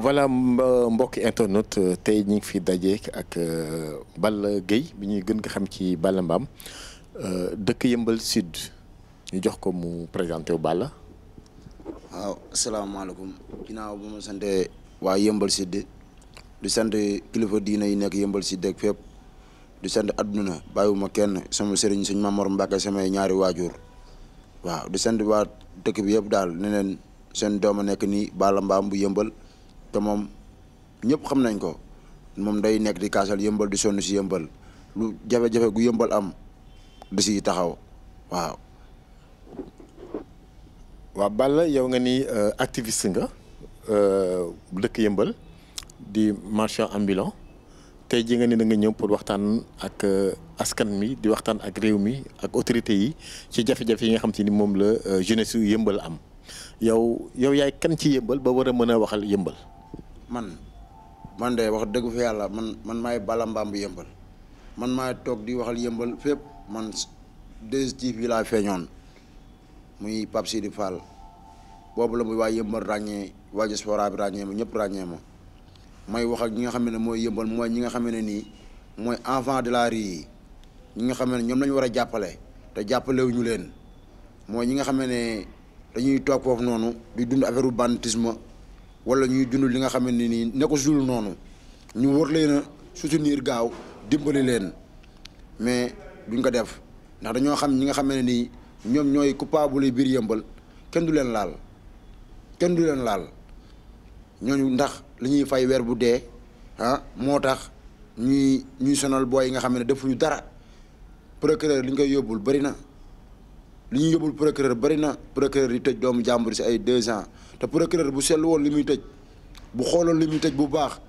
voilà euh, mbokk internet euh, tey ñu ngi fi daje ak euh, Balla Gaye bi ñuy gën nga xam ci Balla Mbaam dëkk Yëmbal Sud ñu jox ko mu présenté wu Balla. waaw salaamaaleykum ginnaaw bu ma sant waa Yëmbal Sud du sant kilifa diina yi nekk Yëmbal Sud ak fépp du sant adduna bàyyiwuma kenn sama sëriñ suñ Mamor Mbacke samay ñaari waajur waaw du sant waa dëkk bi yëpp daal ne seen dooma nekk nii Balla Mbaam bu Yëmbal. te moom ñëpp xam nañ ko moom day nekk di kaasal yëmbal di sonn si yëmbal lu jafe-jafe gu yëmbal am du si taxaw waaw. waa Balla yow nga ni euh, activiste nga euh, dëkk yëmbal di marchand ambulant tey ji nga ni da nga ñëw pour waxtaan ak euh, askan mi di waxtaan ak réew mi ak autorité yi ci jafe-jafe yi nga xam te ni moom la jeunesse yu yëmbal am yow yow yaay kenn ci yëmbal ba war a mën a waxal yëmbal. man man de wax dëggu fa yàlla man man maay bala mbaam bu yëmbal man maay toog di waxal yëmbal fépp man 2STV yi laa feeñoon muy Pape Sidi Fall boobu la muy waa yëmbal ràññee waa diaspora bi ràññee ma ñëpp ràññee ma may wax ak ñi nga xam ne mooy yëmbal mooy ñi nga xam ne nii mooy enfant de la rue ñi nga xam ne ñoom lañu ñu war a jàppale te jàppalewuñu leen mooy ñi nga xam ne dañuy toog foofu noonu di dund affaire banditisme wala ñuy dund li nga xamante ne nii ne ko jul noonu ñu war leen a soutenir gaaw dimbali leen mais duñ ko def ndax dañoo xam ñi nga xam ne nii ñoom ñooy coupable biir yëmbal kenn du leen laal kenn du leen laal ñooñu ndax li ñuy fay weer bu dee ah moo tax ñuy ñuy sonal booy yi nga xam ne defuñu dara procureur li ñu koy yóbbul bari na. li ñuy yóbbul procureur bari na procureur yi tëj doomu jàmbur si ay deux ans te procureur bu seetlu woon li muy tëj bu xooloon li muy tëj bu baax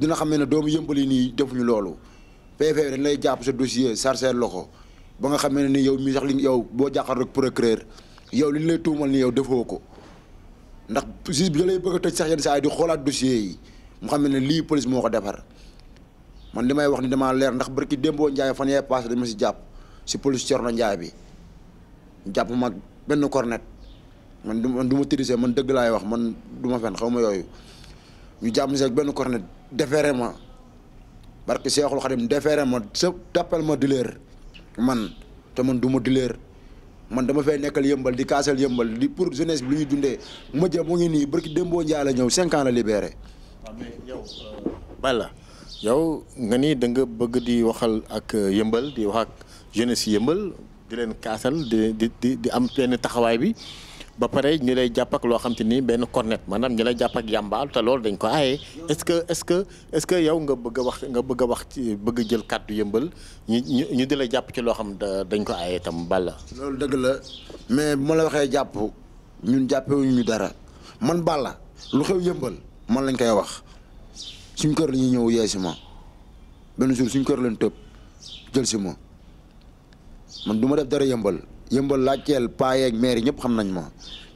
dina xamee ne doomu yëmbal yi nii defuñu loolu PV e dañ jàpp sa dossier sarseer la ko ba nga xam ne ni yow mii sax li yow boo jàkkaar rek procureur yow li ñu lay tuumal ni yow defoo ko ndax juge bi da lay a tëj sax yenn saa yi di xoolaat dossier yi mu xam ne lii police moo ko defar man li may wax ni damaa leer ndax barki démboo Ndiaye fan yee passé dañ ma si jàpp si police Thierno Ndiaye bi jàpp mag benn cornet man du man du ma man dëgg laay wax man du ma fen xaw ma yooyu ñu jàpp ma benn cornet defeere ma barke Seexul Xadim defeere ma sa tappal ma dileer man te man du ma dileer man dama fay nekkal yëmbal di kaasal yëmbal di pour jeunesse bi lu ñuy dundee ma moo ngi nii barki démboo Ndiaye la ñëw cinq ans la libéré. Euh, yow nga ni danga bëgg di waxal ak euh, yëmbal di wax ak jeunesse yëmbal. di leen kaasal di di di di am benn taxawaay bi ba pare ñu lay jàpp ak loo xam te ni benn cornet maanaam ñu lay jàpp ak yàmbaal te loolu dañ ko aaye est-ce que est-ce que est-ce que yow nga bëgg a wax nga bëgg a wax ci bëgg jël kàddu yëmbal ñu ñu ñu di la jàpp ci loo xam dañ ko aaye itam bala loolu dëgg la mais bu ma la waxee jàpp ñun jàppewuñu ñu dara man bala lu xew yëmbal man lañ koy wax suñ kër la ñuy ñëw yeesi ma benn jour suñ kër leen tëb jël si ma man du ma def dara yëmbal yëmbal laajteel paa yeeg maire ñëpp xam nañ ma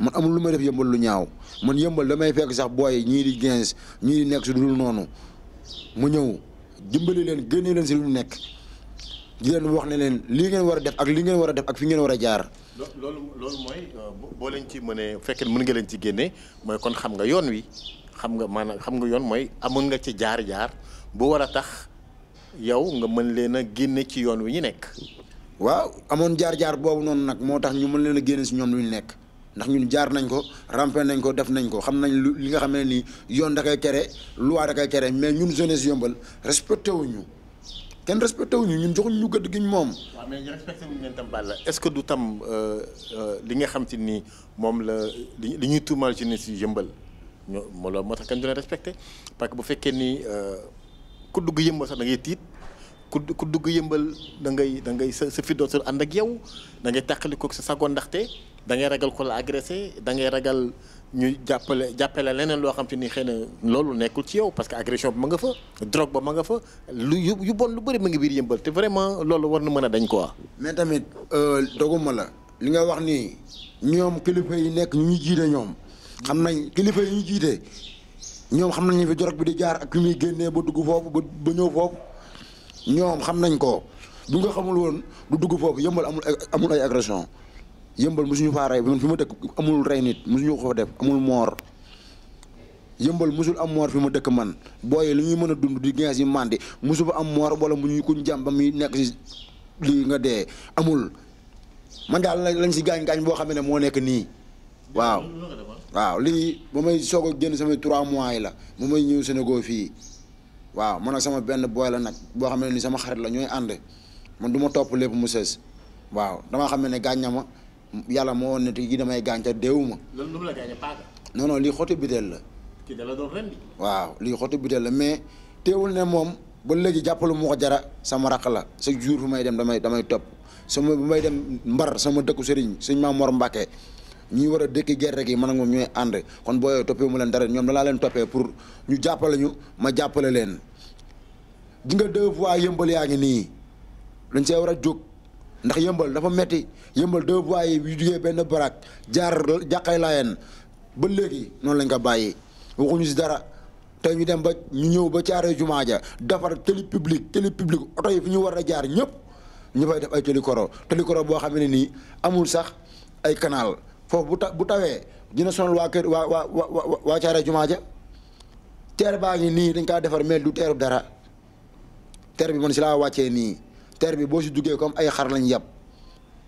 man amul lu may def yëmbal lu ñaaw man yëmbal damay fekk sax booy ñii di gens ñii di nekk su dul noonu mu ñëw jëmbali leen génne leen si lu nekk di leen wax ne leen lii ngeen war a def ak li ngeen war a ak fi ngeen war a jaar. mooy euh, boo leen ci mënee bu fekkee mën nga ci génne mooy kon xam nga yoon wi xam nga maanaam xam nga yoon mooy amoon nga ci jaar-jaar bu war a tax yow nga mën leen a génne ci yoon wi ñu nekk. waaw amoon jaar-jaar boobu noonu nag moo tax ñu mën leen a génne si ñoom lu ñu nekk ndax ñun jaar nañ ko rampé nañ ko def nañ ko xam nañ li nga xam ne nii yoon da koy kere loi da koy kere mais ñun jeunesse yombal respecté wuñu kenn respecté wuñu ñun joxuñ ñu gëdd giñ moom. waaw mais respecté wuñu leen tam Balla est-ce que du euh, euh, li nga xam te ni moom la li li ñuy tuumaal jeunesse yu yëmbal ñoo moo la moo tax kenn du leen respecté que bu fekkee ni euh, ku dugg yëmbal sax da ngay tiit. ku ku dugg yëmbal da ngay da ngay sa sa fit ànd ak yow da ngay tàqali ko sa sago ndaxte da ngay ragal ko la agressé da ngay ragal ñu jàppale jàppale leneen loo xam ne ni xëy na loolu nekkul ci yow parce que agression bi ma nga fa drogue ba ma nga fa lu yu bon lu bëri ma ngi biir yëmbal te vraiment loolu war na mën a dañ quoi. mais tamit euh, doguma la. li nga wax nii ñoom kilifa yi nekk ñu ñu jiite ñoom xam nañ kilifa yi ñu jiite ñoom xam nañ fi jorog bi di jaar ak fi muy génnee ba dugg foofu ba ba ñëw foofu. ñoom xam nañ ko bu nga xamul woon du dugg foofu yëmbal amul amul ay agression yëmbal mosuñu faa rey fi ma dëkk amul rey nit mosuñu ko fa def amul moor yëmbal mosul am moor fi ma dëkk man booy li ñuy mën a dund di yi mandi mosu fa am moor wala mu ñuy kuñ jàmm ba muy nekk si lii nga dee amul man daal lañ si gaañ gaañ boo xam ne moo nekk nii waaw. waaw lii ba may soog a génn samay trois mois yi la ba may ñëw Sénégal fii. waaw man ak sama benn booy la nag boo xam ne ni sama xarit la ñooy ànd man du ma topp lépp mu sës waaw dama xam ne ne gàñña ma yàlla moo woon ne te yi damay gànca déewu ma. loolu nu la gàñña paaka. lii xottu biteel la. la doon waaw lii xottu biteel la mais teewul ne moom ba léegi jàppalu mu ko jara sama raq la sa jour fu may dem damay damay topp sama may dem mbar sama dëkku sëriñ suñ ma moor Mbacke ñi war a dëkki gerte gi man ak moom ñooy ànd kon boo yooyu toppee mu leen dara ñoom dalaa leen toppee pour ñu jàppale ñu ma jàppale leen di nga deux fois yëmbal yaa ngi nii dañ see war a jóg ndax yëmbal dafa metti yëmbal deux waaye yi yu jugee benn barak jaar jàqay laayeen ba léegi noonu lañ ko bàyyi xuñu si dara te ñu dem ba ñu ñëw ba caaree jumaa ja defar télé public télé public oto yi fu ñu war a jaar ñëpp ñu fay def ay télé koro télé koro boo xam ne nii amul sax ay canal foofu bu ta bu tawee dina sonal waa kër waa waa waa waa teer baa ngi nii dañ kaa defar mais du teeru dara teer bi man si laa wàccee nii teer bi boo si duggee comme ay xar lañ yàpp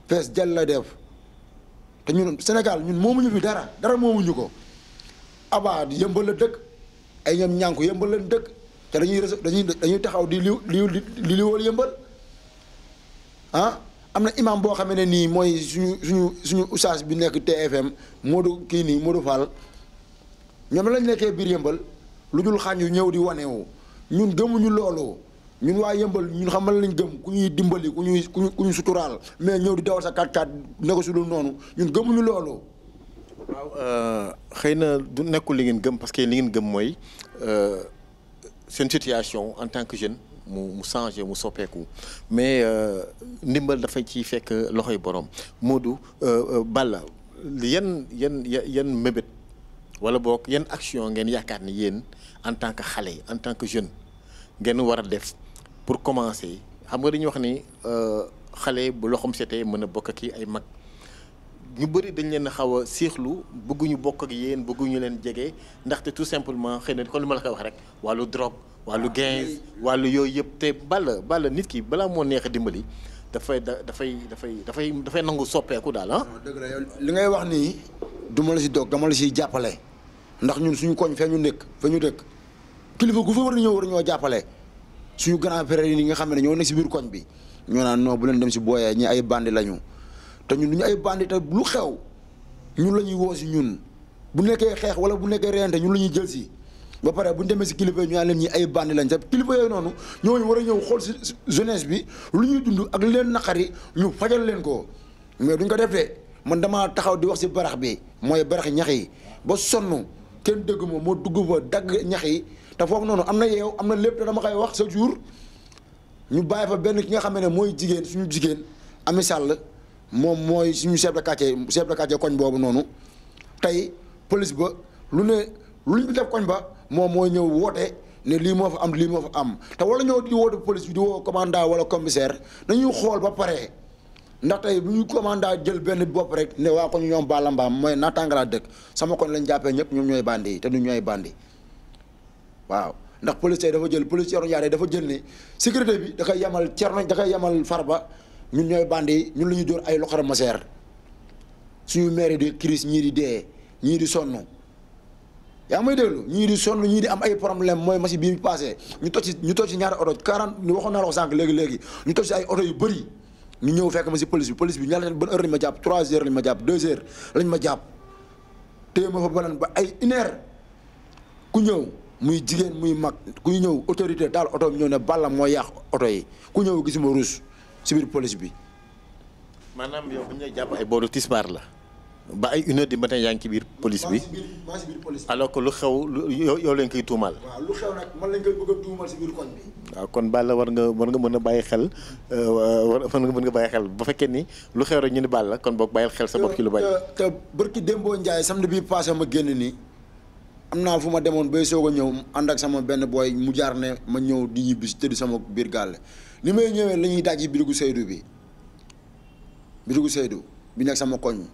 fees jàll la def te ñun Sénégal ñun moomuñu fi dara dara moomuñu ko abaa yëmbal la dëkk ay ñoom ñànku yëmbal la dëkk te dañuy dañuy dañuy taxaw di li li li li wal yëmbal ah? am na imam boo xamee ne nii mooy suñu suñu suñu oustaz bi nekk TFM Modou kii nii Modou Fall ñoom lañ nekkee biir yëmbal lu dul xañ yu ñëw di wanewu ñun gëmuñu loolu ñun waa yëmbal ñun xamal lañ gëm ku ñuy dimbali ku ñuy ku ku ñu suturaal mais ñëw di dawal sa kat kat ne ko su dul noonu ñun gëmuñu loolu. waaw euh, xëy na du nekkul li ngeen gëm parce que li ngeen gëm mooy euh, seen situation en tant que jeune. mu mu changé mu soppeeku mais euh, ndimbal dafa ci fekk loxo loxoy borom Modou euh, euh, Balla yan yan yan mébét wala boog yan action ngeen yaakaar ni yéen en tant que xale en tant que jeune ngeen war a def pour commencer xam nga dañuy wax ni xale bu loxoom setee mën a bokk ak ay mag ñu bëri dañ leen a xaw a siixlu bëgguñu bokk ak yéen bëgguñu leen jege ndaxte tout simplement xëy na kon lu ma la koy wax rek wàllu drogue. wàllu gains wàllu yooyu yëpp te Balla Balla nit ki balaa moo neex a dimbali dafay da dafay dafay dafay dafay nangu soppeeku daal ah. dëgg li ngay wax nii du ma la si doog dama la siy jàppale ndax ñun suñu koñ fee ñu nekk fee ñu dëkk kilifa gu fa war a ñëw war ñoo jàppale suñu grand frère yi nga xam ne ñoo nekk si biir koñ bi ñoo naan non bu leen dem si booyee ñi ay bandi lañu te ñun du ñu ay bandi te lu xew ñun la ñuy woo si ñun bu nekkee xeex wala bu nekkee reyante ñun la ñuy jël si. ba pare bu ñu demee si kilifa yi ñu ay bandi lañ sax kilifa yooyu noonu ñooñu war a ñëw xool si jeunesse bi lu ñuy dund ak leen naqari ñu fajal leen ko mais duñ ko def de man damaa taxaw di wax si barax bi mooy barax ñax yi ba sonn kenn dëgg moom moo dugg fa dagg ñax yi te foofu noonu am na yeew am na lépp te dama koy wax sa jour ñu bàyyi fa benn ki nga xam ne mooy jigéen suñu jigéen Ami Sall moom mooy suñu chef de quartier chef de quartier koñ boobu noonu tey police ba lu ne luñ def koñ ba. moom mooy ñëw woote ne lii moo fa am lii moo fa am te wala ñëw di woote police bi di woo commandant wala commissaire dañuy xool ba pare ndax tey bu ñu commandant jël benn bopp rek ne waa ko ñu ñoom Balla Mbaam mooy naataanga laa dëkk sama kon lañ jàppee ñëpp ñoom ñooy bandi yi te du ñooy bandi waaw ndax police dafa jël police Thierno Ndiaye dafa jël ne sécurité bi da koy yemal Thierno da koy yemal Farba ñun ñooy bandi yi ñun la ñuy dóor ay loxara maseer suñu maire ñii di dee ñii di sonn yaa ngi may déglu ñii di sonn ñii di am ay problème mooy machine bi passé ñu toj si ñu toj si ñaari oto 40 ñu waxoon naa la ko sànq léegi léegi ñu toj si ay oto yu bari ñu ñëw fekk ma si police bi police bi ñaata ban heure lañ ma jàpp 3 heures lañ ma jàpp 2 heures lañ ma jàpp téye ma fa balan ba ay une ku ñëw muy jigéen muy mag ku ñëw autorité daal oto bi ñëw ne Balla mooy yàq oto yi ku ñëw gisuma ruus si biir police bi. maanaam yow bu ñu ay booru tisbaar la. ba ay une heure du matin yaa ngi ci biir police bi maa ngi ci lu xew yow yow lañ koy tuumaal. waaw lu xew nag man lañ kon Balla war nga war nga mën a bàyyi xel euh, war nga mën nga bàyyi xel ba fekkee ni lu xew rek ñu ni la kon boog bàyyil xel sa bopp ci lu bari. te barki Dembo Ndiaye samedi bii passé ma génn nii am naa fu ma demoon bay soog a ñëw ànd ak sama benn booy mu jaar ne ma ñëw di ñibbi ci tëdd sama biir gàlle ni may ñëwee la ñuy daj yi birigu Seydou bi birigu Seydou bi nekk sama koñ.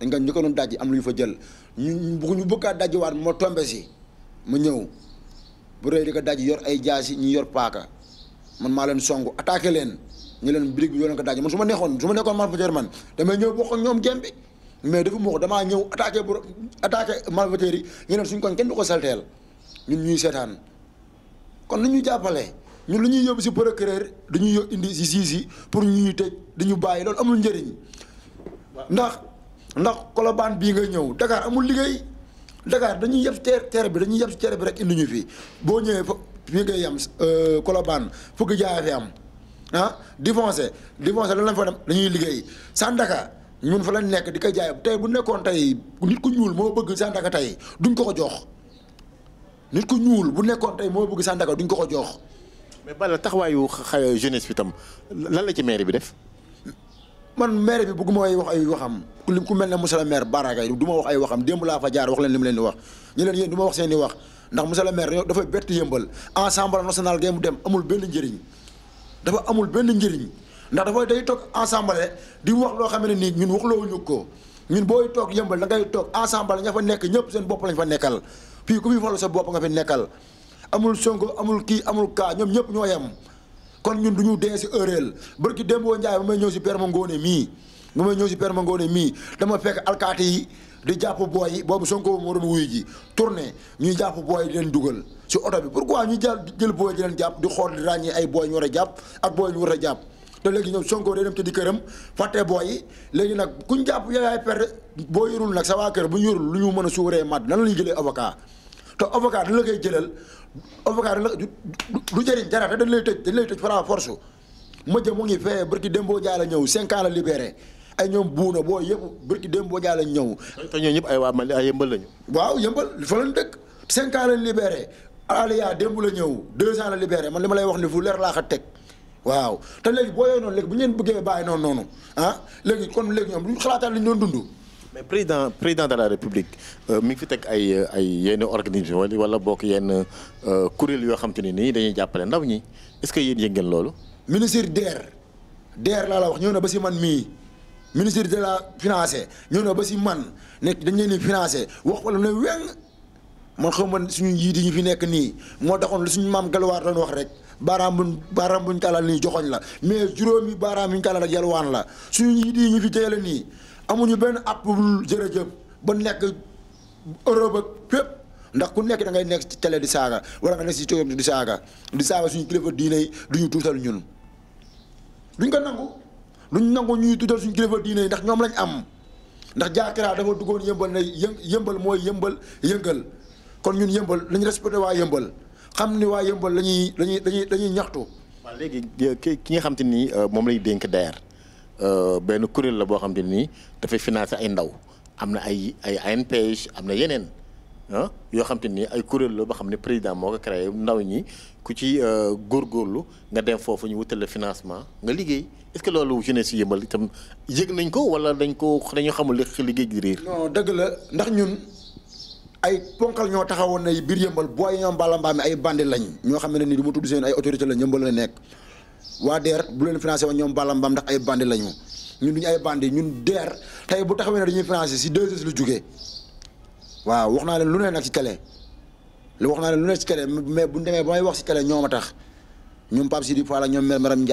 dañ nga ñu ko doon daj am lu ñu fa jël ñu ñu bëgg a dajwaat ma tombe si ma ñëw bu rëy di ko daj yor ay jaasi ñu yor paaka man maa leen songu attaqué leen ñu leen brique bi yoo ko daj man su ma neexoon su ma nekkoon malfaiteur man may ñëw bokk ak ñoom jëm mais dafa ma ko damaa ñëw attaqué bu attaqué malfaiteur yi ñu leen suñ koñ kenn du ko salteel ñun ñuy seetaan kon lu ñu jàppale ñun lu ñuy yóbbu si procureur dañuy indi si siis yi pour ñuy tëj dañu bàyyi loolu amul njëriñ ndax Colobane bii nga ñëw dakaar amul liggéey Dakar dañuy yeb teer teer bi dañuy yeb si teer bi rek indi ñu fii boo ñëwee fa fii ngay yem Colobane euh, fukki jaay fi am ah défoncé défoncé lan lañ fa dem dañuy liggéey Sandaga ñun fa lañ nekk di ko jaay tey bu nekkoon tey nit ku ñuul moo bëgg Sandaga tey duñ ko ko jox nit ku ñuul bu nekkoon tey moo bëgg Sandaga duñ ko ko jox. mais Balla taxawaayu jeunesse bi tam lan la ci maire bi def. man maire bi bëgguma wax ay waxam. lim ku mel ne monsieur le maire Baraka yi du ma wax ay waxam démb laa fa jaar wax leen li mu leen wax ñu leen yéen du wax seen wax ndax monsieur le maire dafa bett yëmbal ensemble national gay mu dem amul benn njëriñ dafa amul benn njëriñ ndax dafa day toog ensemble di wax loo xam ne nii ñun waxloowuñu ko ñun booy toog yëmbal da ngay toog ensemble ña fa nekk ñëpp seen bopp lañ fa nekkal fii ku fi falu sa bopp nga fi nekkal amul Sonko amul kii amul kaa ñoom ñëpp ñoo yem kon ñun du ñu dee si heureel bërki démboo Njaay ba may ñëw si Père Ngone mii ba may ñëw si Père Mangone mii dama fekk alkaati yi di jàpp booy boobu Sonko moo doon wuyu ji tourné ñuy jàpp booy yi di leen dugal si oto bi pourquoi ñu jàpp jël booy di jàpp di xool di ràññee ay booy ñu war a jàpp ak booy ñu war a jàpp te léegi ñëw Sonko day dem ci di këram fàtte booy yi léegi nag kuñ jàpp yaay perte boo yorul nag sa waa kër bu ñu yorul lu ñu mën a suuree mat nan la jëlee avocat te avocat dañ la kay jëlal avocat la du jëriñ dara dañ lay tëj dañ lay ma jëm mu ngi fee barki Dembo Ndiaye la ñëw cinq ans ay ñoom buuna boo yëpp barki démb boo jàll ñëw. te ñëpp ay waa Mali ay yëmbal lañu. waaw yëmbal fa lañ dëkk cinq ans lañ libéré Aliya démb la ñëw deux ans la libéré man li ma lay wax ni fu leer laa xa teg. waaw te léegi boo yooyu noonu léegi bu ñu leen bëggee bàyyi noonu noonu ah kon léegi ñoom duñ xalaataan li ñu doon dund. mais président président de la république euh, mi ngi fi teg ay ay yenn organisation wala bokk yenn euh, kuréel yoo xam te ne nii dañuy jàppale ndaw ñi est-ce que yéen yëngeen loolu. ministre DER DER laa la wax ñëw na ba si man mii. ministre de la financé ñëw na ba si man nekk dañ leen di financé wax wala ne weng man xam man suñu njiit yi ñu fi nekk nii moo taxoon lu suñu maam galwaar doon wax rek baaraam buñ baaraam buñ tàllal nii joxoñ la mais juróomi baaraam yuñ tàllal ak yalwaan la suñu njiit yi ñu fi teel nii amuñu benn app bul jërëjëf ba nekk Europe ak fépp ndax ku nekk da ngay nekk ci télé di saaga wala nga nekk ci télé di saaga di saaga suñu kilifa diine yi duñu tuutal ñun duñ ko nangu duñ nangu ñuy tuddal suñ kilifa diine yi ndax ñoom lañ am ndax jaakaraa dafa duggoon yëmbal na yë yëmbal mooy yëmbal yëngal kon ñun yëmbal lañu respecté waa yëmbal xam ni waa yëmbal lañuy lañuy lañuy lañuy ñaxtu. waaw léegi euh, ki nga xam te ni euh, moom lay dénk DER euh, benn kuréel la boo xam te ni dafay financé ay ndaw am na ay ay ANPEJ am na yeneen. ah yoo xam te ni ay kuréel la ba xam ne président moo ko créé ndaw ñi ku ci góorgóorlu nga dem foofu ñu wutal le financement nga liggéey est-ce que loolu jeunesse si yëmbal itam yëg nañ ko wala dañ ko dañu xamul li géej gi réer. non dëgg la ndax ñun ay ponkal ñoo taxawoon ne biir yëmbal booy yi ñoom Balla Mbaam ay bandi lañ ñoo xam ne ni du ma tudd seen ay autorité lañ yëmbal nekk waa DER bu leen financé woon ñoom Balla Mbaam ndax ay bandi lañu ñun duñu ay bandi ñun DER tey bu taxawee ne dañuy financé si deux lu juge waaw wax naa leen lu ne nag ci télé lu wax naa leen lu ne ci télé mais bu ñu demee ba may wax si télé ñoom a tax ñoom Pape Sidi Fall ak ñoom Mère Maram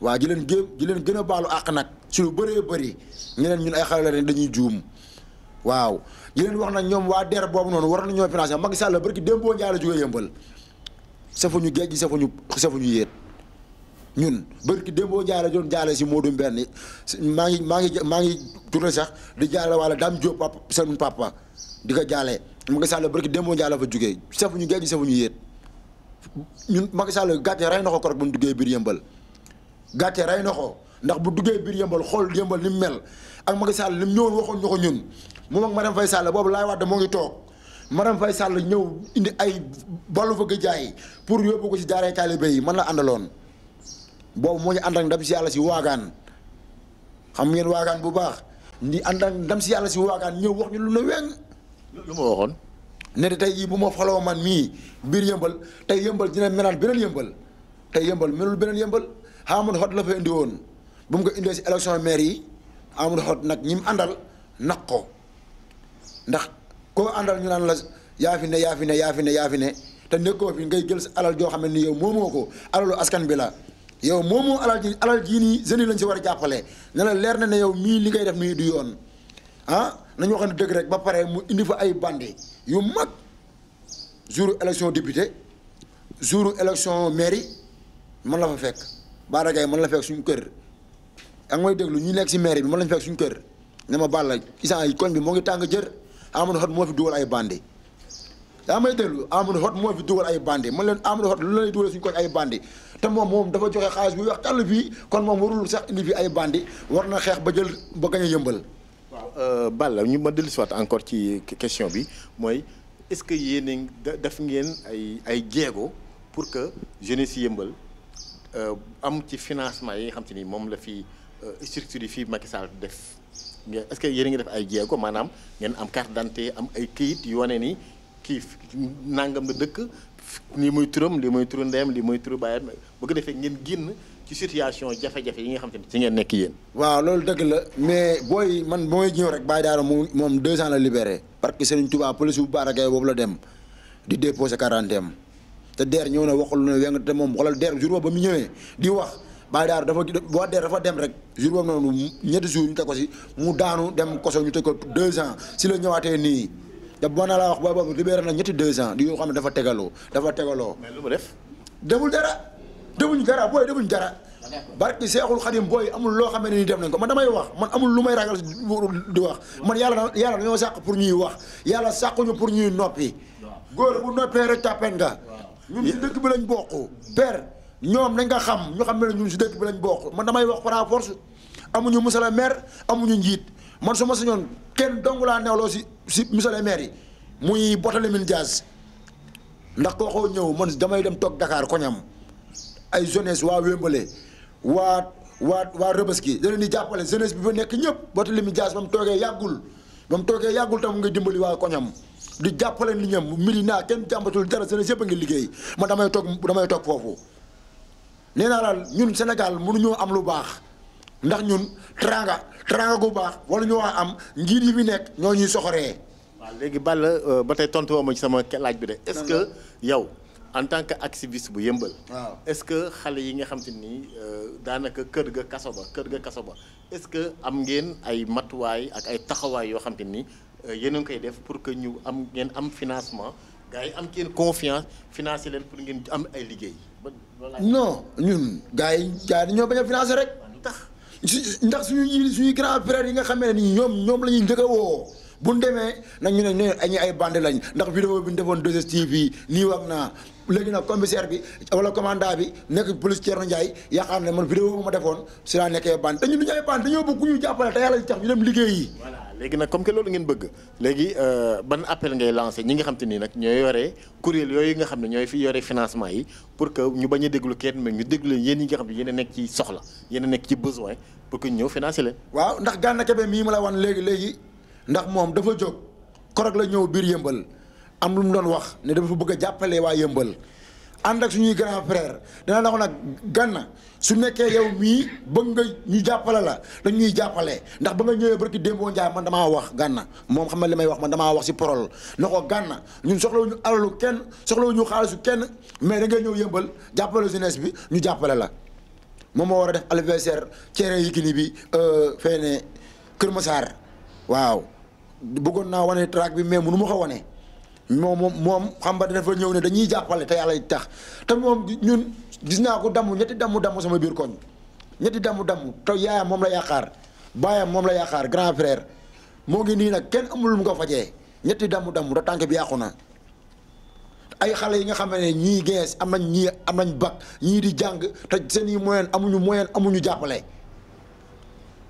waa ji leen gé ji leen gën a baalu àq nag si lu bëree bëri ñeneen ñun ay xale dañuy juum waaw ñi leen wax nag ñoom waa DER boobu noonu war na ñoo financé Macky Sall barki démboo njaay la jógee yëmbal safuñu géej gi safuñu safuñu yéet ñun démboo njaay la doon jaale si Modou Mbenn maa ngi maa ngi maa ngi tourné sax di jaale wala Dame Diop papa seen papa di ko jaale Macky Sall barki démboo njaay la fa jógee safuñu géej gi ñu yéet ñun Macky Sall gàcce rey na ko korog ba mu duggee biir yëmbal gàcce rey na ko ndax bu duggee biir yëmbal xool yëmbal ni mu mel ak Macky Sall li mu ñëwoon waxoon ñu ko ñun moom ak madame Faye Sall boobu Laay Wade moo ngi toog madame fay Sall ñëw indi ay balu fëgg jaay pour yóbbu ko ci daaree taalibe yi man la àndaloon boobu moo ñu ànd ak ndam si yàlla si waagaan ngeen waagaan bu baax ndi ànd ak si yàlla si waagaan ñëw wax ñu lu ne weng lu ma waxoon ne tey jii bu ma faloo man mii biir yëmbal tey yëmbal dina menaat beneen yëmbal tey yëmbal melul beneen yëmbal Amadou Hott la fa indi woon bu mu ko indee si élection maire yi Amadou Hott nag ñi àndal naq ko ndax ko àndal ñu naan la yaa fi ne yaa fi ne yaa fi ne yaa fi ne nekkoo fi ngay jël sa alal joo xam ne ni yow moomoo ko alalu askan bi la yow moomoo alal ji yi jii nii lañ si war a jàppale na la leer na ne yow mii li ngay def nii du yoon ah nañu wax ne dëgg rek ba pare mu indi fa ay bandi yu mag jour élection député jour élection mairie man la fa fekk Balla Gaye man la fekk suñu kër danga may déglu ñu nekk si mairie bi man lañ fekk suñu kër ne ma Balla isaan yi koñ moo ngi tàng jër Amadou moo fi dugal ay bandi yaa may déglu Amadou Hott moo dugal ay bandi man leen Amadou Hott lu lay dugal suñu ay bandi te moom moom dafa joxe xaalis bu wax tàll fii kon moom warul sax indi fi ay bandi war na xeex ba jël ba gañ yëmbal waaw euh, Balla ñu ma dellusiwaat encore ci question bi mooy est-ce que yéen def ngeen ay ay jéego pour que jeunesse yëmbal Euh, am ci financement yi nga xam te ni moom la fi euh, structure yi fii Macky Sall def est-ce que a ngi def ay jéego maanaam ngeen am carte dante am ay këyit yu wane ni kii nangam la dëkk lii muy turam lii muy turu ndeyam lii muy turu baayam bu ko defee ngeen génn ci situation jafe-jafe yi nga xam te ni ci ngeen nekk yéen. waaw loolu dëgg la mais booy man mooy ñëw rek Baye Daara moom moom deux ans la libéré parce que Serigne Touba police bu Baara Gaye boobu la dem di déposé quarantaine te DER ñëw na waxul na weng te moom xoolal DER jour boobu ba mu ñëwee di wax Baye Darou dafa waa DER dafa dem rek jour boobu noonu ñetti jours ñu te ko si mu daanu dem koso ñu teg ko deux ans si la ñëwaatee nii te boo naa laa wax booy boobu na ñetti deux ans yoo xam ne dafa tegaloo dafa tegaloo. mais lu mu def. deful dara defuñ dara booy defuñ dara. barki Seexul Xadim booy amul loo xam ni dem nañ ko man damay wax man amul lu may ragal di wax man yàlla yàlla dañoo sàq pour ñuy wax yàlla sàquñu pour ñuy noppi. góor bu noppee rek tàppeen nga ñun si dëkk bi lañ bokk père ñoom dañ nga xam ñu xam ne ñun si dëkk bi lañ bokk man damay wax par amuñu monsieur le maire amuñu njiit man su ma sañoon kenn dong laa neewloo si si monsieur yi muy Barthélémy Dias ndax kooku ñëw man damay dem toog Dakar koñam ay jeunesse waa Wembale waa waa waa Rëbëski da leen di jàppale jeunesse bi ba nekk ñëpp Barthélémy Dias ba mu toogee yàggul ba mu toogee yàggul tam nga dimbali waa koñam. di jàppale li ñam Médina kenn jàmbatul dara seen yëpp a ngi liggéey ma damay toog damay toog foofu nee naa ñun Sénégal mënuñoo am lu baax ndax ñun teranga teranga gu baax wala ñu wax am njiit yi fi nekk ñoo ñuy soxoree. waaw léegi Balla euh, ba tey tontu ma ci sama laaj bi de. est-ce que yow en tant que activiste bu yëmbal. est-ce que xale yi nga xam te ni euh, daanaka kër ga kaso ba kër ga kaso ba est-ce que am ngeen ay matuwaay ak ay taxawaay yoo xam te ni. Euh, yéen a ngi koy def pour que ñu am ngeen am financement gars yi am ngeen confiance finance leen pour ngeen am ay liggéey. non ñun gars yi gars yi ñoo bañ a financé rek. tax ndax suñu suñu grand frère yi nga xamee ne ñoom ñoom la ñuy njëkk a woo bu ñu demee nag ñu ne ñu ay ay bande lañ ndax vidéo bi ñu defoon 2STV nii wax naa léegi nag commissaire bi wala commandant bi nekk police Thierno Ndiaye yaakaar ne man vidéo ma defoon si laa nekkee bande te ñun du ñu ay bande dañoo bëgg liggéey léegi nag comme que loolu ngeen bëgg léegi euh, ban appel ngay lancé ñi nga xam te ni nag ñooy yore kuréel yooyu nga xam ne ñooy fi yore financement yi pour que ñu bañ a déglu kenn mais ñu déglu leen yéen ñi nga xam ne yéen nekk ci soxla yéen a nekk ci besoin pour que ñu ñëw financé leen. waaw ndax Gana Kebe mii ma la wan léegi léegi ndax moom dafa jóg korog la ñëw biir yëmbal am lu mu doon wax ne dafa bëgg a jàppale waa yëmbal ànd ak suñuy grand frère dina la ko nag gànna su nekkee yow mii bëgg nga ñu jàppale la dañuy jàppale ndax ba nga ñëwee barki démboo Njaay man damaa wax gànna moom xam na li may wax man damaa wax si parole na ko gànna ñun soxlawuñu alalu kenn soxlawuñu xaalisu kenn mais da ngay ñëw yëmbal jàppale jeunesse bi ñu jàppale la moom moo war a def anniversaire cere yi kini bi euh, fee ne Kër Massar waaw buggoon naa wane track bi mais mënu ma ko wane moom moom moom xam nga dafa ñëw ne dañuy jàppale te yàlla tax te moom di ñun gis naa ko damm ñetti damm damm sama biir koñ ñetti damm damm te yaayam moom la yaakaar baayam moom la yaakaar grand frère moo ngi nii nag kenn amul lu mu ko fajee ñetti damm damm te tànk bi yàqu na. ay xale yi nga xam ne ñii gees am nañ ñii am nañ ñii di jàng te seen yi moyen amuñu moyen amuñu jàppale.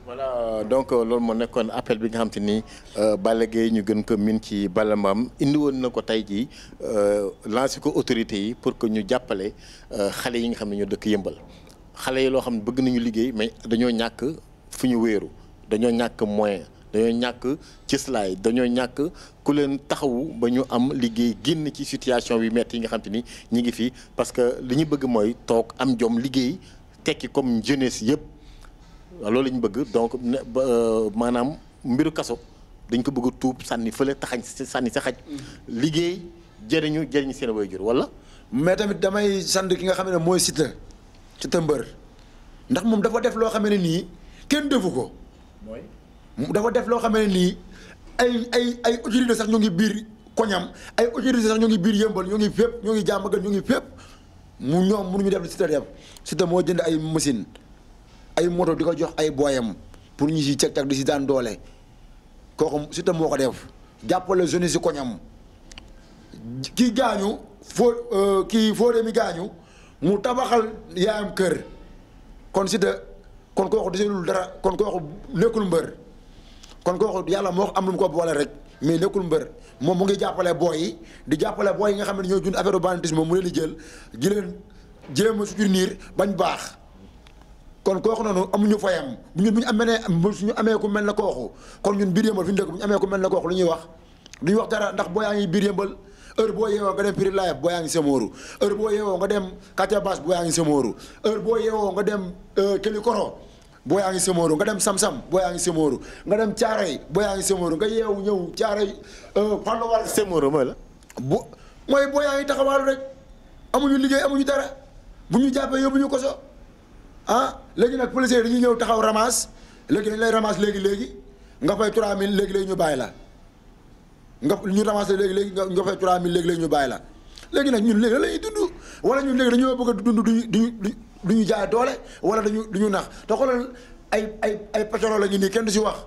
voilà donc euh, loolu moo nekkoon appel bi nga xam te ni euh, Balla Gaye ñu gën ko min ci Balla Mbaam indi woon na ko tey jii euh, lancé ko autorités yi pour que ñu jàppale xale yi nga xam ne ñoo dëkk yëmbal xale yi loo xam ne bëgg nañu liggéey mais dañoo ñàkk fu ñu wéeru dañoo ñàkk moyen dañoo ñàkk cëslaay dañoo ñàkk ku leen taxawu ba ñu am liggéey génn ci situation bi metti yi nga xam te ni ñi ngi fi parce que li ñu bëgg mooy toog am jom liggéey tekki comme jeunesse yëpp. loolu la ñu bëgg donc euh, maanaam mbiru kaso dañ ko bëgg a tuub sànni fële taxañ sànni sa xaj liggéey jëriñu jëriñ seen waajur wala. mais tamit damay sant ki nga xam ne mooy Siteu ci tëmbër ndax moom dafa def loo xam ne nii kenn defu ko. mooy dafa def loo xam ne nii ay ay ay autorités sax ñoo ngi biir koñam ay autorités sax ñoo ngi biir yëmbal ñoo ngi fépp ñoo ngi jàmm gën ñoo mu ñoom mënuñu def li Siteu def Siteu moo jënd ay machine ay moto di ko jox ay booyam pour ñu si teg tak di si daan doole kooku Siteu moo ko def jàppale jeune si koñam ki gaañu foo euh, kii Fodé mi gaañu mu tabaxal yaayam kër kon Siteu kon kooku deselul dara kon kooku nekkul mbër kon kooku yàlla moo am lu mu ko boole rek mais nekkul mbër moom mu ngi jàppale booy yi di jàppale booy yi nga xam ne ñoo jun affaire banditisme mu leen di jël ji leen jéem a soutenir bañ baax kon kooku noonu amuñu fayam bu ñun bu ñu amee suñu amee ku mel na kooku kon ñun biir yëmbal fi ñu dëkk bu ñu amee ku mel na kooku lu ñuy wax lu ñuy wax dara ndax boo yaa ngi biir yëmbal heure boo yeewoo nga dem Piri Laayab boo yaa ngi Semooru heure boo yeewoo nga dem Katia Baas boo yaa ngi Semooru heure boo nga dem euh, Këli Koro boo yaa ngi Semooru nga dem Sam Sam boo yaa ngi Semooru dem Caaray boo yaa ngi Semooru nga yeewu ñëw Caaray euh, fan la war Semooru mooy la bu mooy boo yaa ngi taxawaalu rek amuñu liggéey amuñu dara bu ñu jàppee yóbbu ñu koso ah léegi nag policiers yi dañuy ñëw taxaw ramasse léegi dañ lay ramasse léegi léegi nga fay 3000 léegi léegi ñu bàyyi la nga ñu ramasse léegi léegi nga fay 3000 léegi léegi ñu bàyyi la léegi nag ñun léegi la ñuy dund wala ñu léegi dañoo bëgg a dund duñu du ñu jaay doole wala dañu duñu nax te ay ay ay patron la ñu nii kenn du si wax.